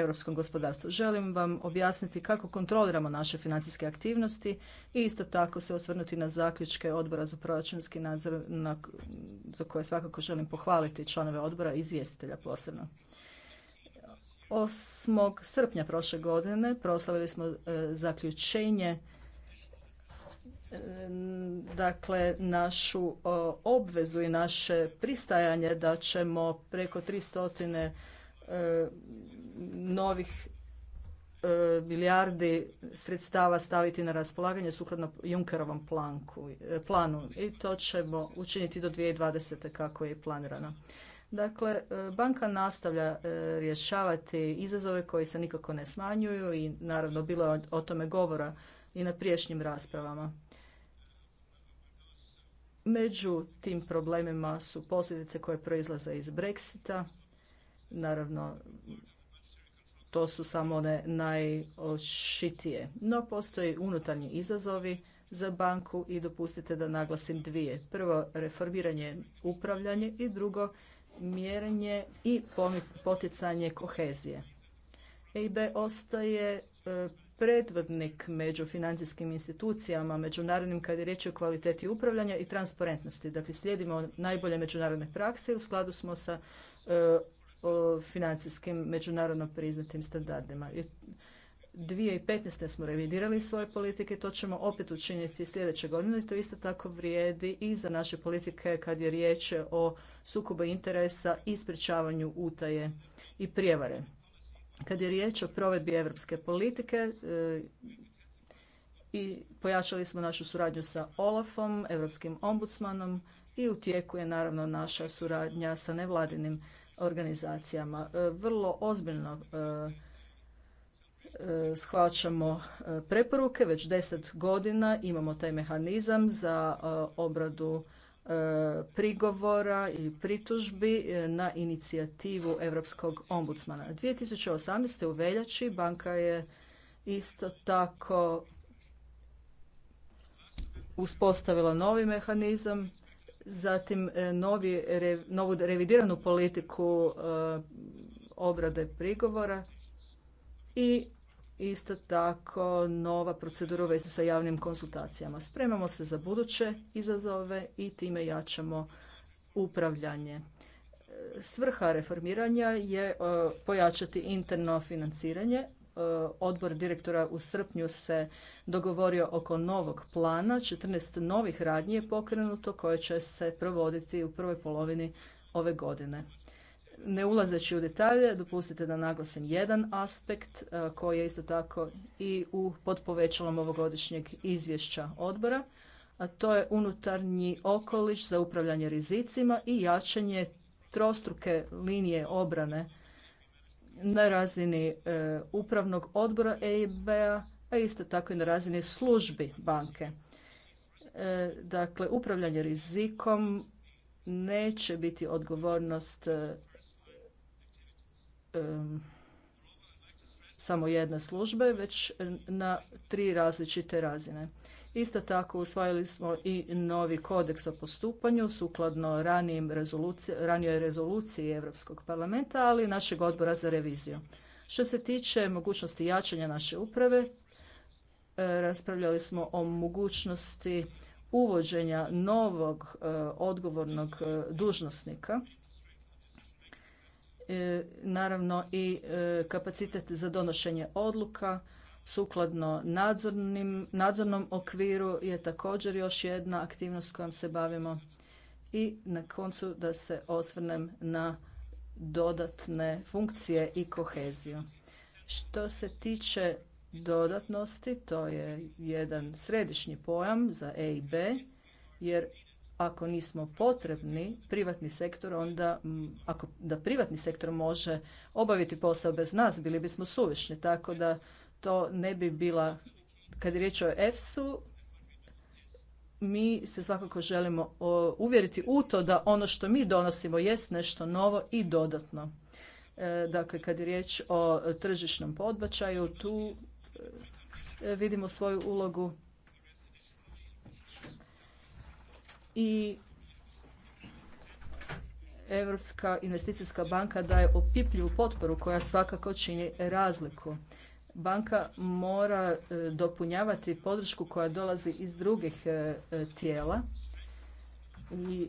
europskom gospodarstvu. Želim vam objasniti kako kontroliramo naše financijske aktivnosti i isto tako se osvrnuti na zaključke odbora za proračunski nadzor na, za koje svakako želim pohvaliti članove odbora i izvjestitelja posebno. 8. srpnja prošle godine proslavili smo e, zaključenje e, dakle našu obvezu i naše pristajanje da ćemo preko 300 E, novih e, milijardi sredstava staviti na raspolaganje sukladno Junkerovom planku, e, planu i to ćemo učiniti do 2020. kako je planirano. Dakle, banka nastavlja rješavati izazove koji se nikako ne smanjuju i naravno bilo je o tome govora i na prijašnjim raspravama. Među tim problemima su posljedice koje proizlaze iz Brexita, Naravno, to su samo one najošitije, No, postoje unutarnji izazovi za banku i dopustite da naglasim dvije. Prvo, reformiranje upravljanje i drugo, mjerenje i poticanje kohezije. EIB ostaje e, predvodnik među financijskim institucijama, međunarodnim kad je riječ o kvaliteti upravljanja i transparentnosti. Dakle, slijedimo najbolje međunarodne prakse i u skladu smo sa e, o financijskim međunarodno priznatim standardima. 2015. smo revidirali svoje politike, to ćemo opet učiniti sljedeće godine to isto tako vrijedi i za naše politike kad je riječ o sukobu interesa i sprječavanju utaje i prijevare. Kad je riječ o provedbi europske politike, e, i pojačali smo našu suradnju sa Olafom, Europskim ombudsmanom i u tijeku je naravno naša suradnja sa nevladinim organizacijama. E, vrlo ozbiljno e, e, shvaćamo preporuke, već deset godina imamo taj mehanizam za obradu prigovora ili pritužbi na inicijativu Europskog ombudsmana. 2018. u veljači banka je isto tako uspostavila novi mehanizam zatim e, novu revidiranu politiku e, obrade prigovora i isto tako nova procedura u vezi sa javnim konsultacijama. Spremamo se za buduće izazove i time jačamo upravljanje. E, svrha reformiranja je pojačati interno financiranje, Eh, odbor direktora u srpnju se dogovorio oko novog plana. 14 novih radnji je pokrenuto koje će se provoditi u prvoj polovini ove godine. Ne ulazeći u detalje, dopustite da naglasim jedan aspekt eh, koji je isto tako i u podpovećalom ovogodišnjeg izvješća odbora, a to je unutarnji okoliš za upravljanje rizicima i jačanje trostruke linije obrane na razini e, upravnog odbora EIB-a, a isto tako i na razini službi banke. E, dakle, upravljanje rizikom neće biti odgovornost e, samo jedne službe, već na tri različite razine. Isto tako usvojili smo i novi kodeks o postupanju sukladno ranijoj rezoluciji Europskog parlamenta, ali i našeg odbora za reviziju. Što se tiče mogućnosti jačanja naše uprave, e, raspravljali smo o mogućnosti uvođenja novog e, odgovornog e, dužnosnika naravno i kapacitet za donošenje odluka sukladno nadzornim, nadzornom okviru je također još jedna aktivnost kojom se bavimo i na koncu da se osvrnem na dodatne funkcije i koheziju. Što se tiče dodatnosti, to je jedan središnji pojam za E i B, jer ako nismo potrebni privatni sektor, onda ako da privatni sektor može obaviti posao bez nas, bili bismo suvišni, tako da to ne bi bila, kad je riječ o EFSU, mi se svakako želimo uvjeriti u to da ono što mi donosimo jest nešto novo i dodatno. E, dakle, kad je riječ o tržišnom podbačaju, tu e, vidimo svoju ulogu i Europska investicijska banka daje opipljivu potporu koja svakako čini razliku banka mora e, dopunjavati podršku koja dolazi iz drugih e, e, tijela i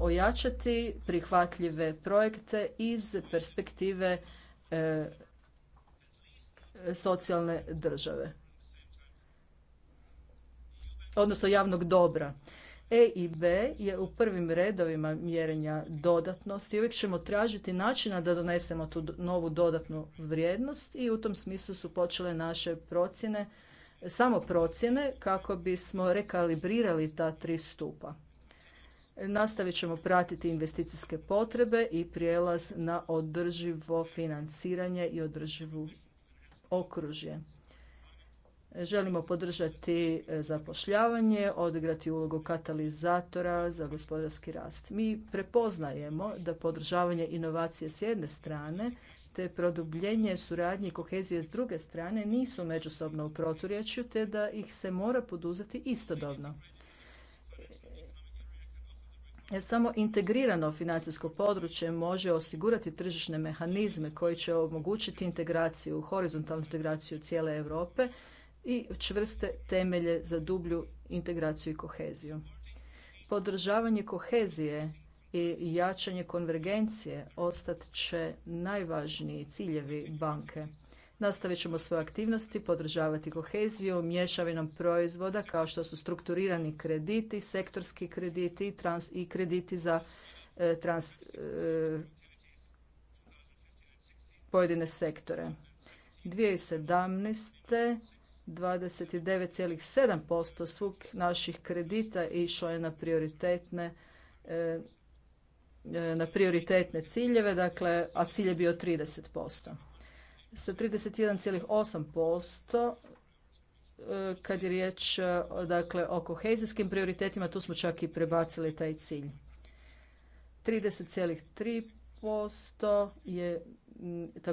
ojačati prihvatljive projekte iz perspektive socijalne države odnosno javnog dobra E i B je u prvim redovima mjerenja dodatnosti uvijek ćemo tražiti načina da donesemo tu novu dodatnu vrijednost i u tom smislu su počele naše procjene, samo procjene kako bismo rekalibrirali ta tri stupa. Nastavit ćemo pratiti investicijske potrebe i prijelaz na održivo financiranje i održivu okružje. Želimo podržati e, zapošljavanje, odigrati ulogu katalizatora za gospodarski rast. Mi prepoznajemo da podržavanje inovacije s jedne strane te produbljenje suradnje i kohezije s druge strane nisu međusobno u proturječju te da ih se mora poduzeti istodobno. E, samo integrirano financijsko područje može osigurati tržišne mehanizme koji će omogućiti integraciju, horizontalnu integraciju cijele Europe i čvrste temelje za dublju integraciju i koheziju. Podržavanje kohezije i jačanje konvergencije ostat će najvažniji ciljevi banke. Nastavit ćemo svoje aktivnosti, podržavati koheziju, mješavinom proizvoda kao što su strukturirani krediti, sektorski krediti trans, i krediti za e, e, pojedine sektore. 2017. 29,7% svih naših kredita išlo je na prioritetne e, e, na prioritetne ciljeve, dakle, a cilj je bio 30%. Sa 31,8% e, kad je riječ dakle, o kohezijskim prioritetima, tu smo čak i prebacili taj cilj. 30,3% je također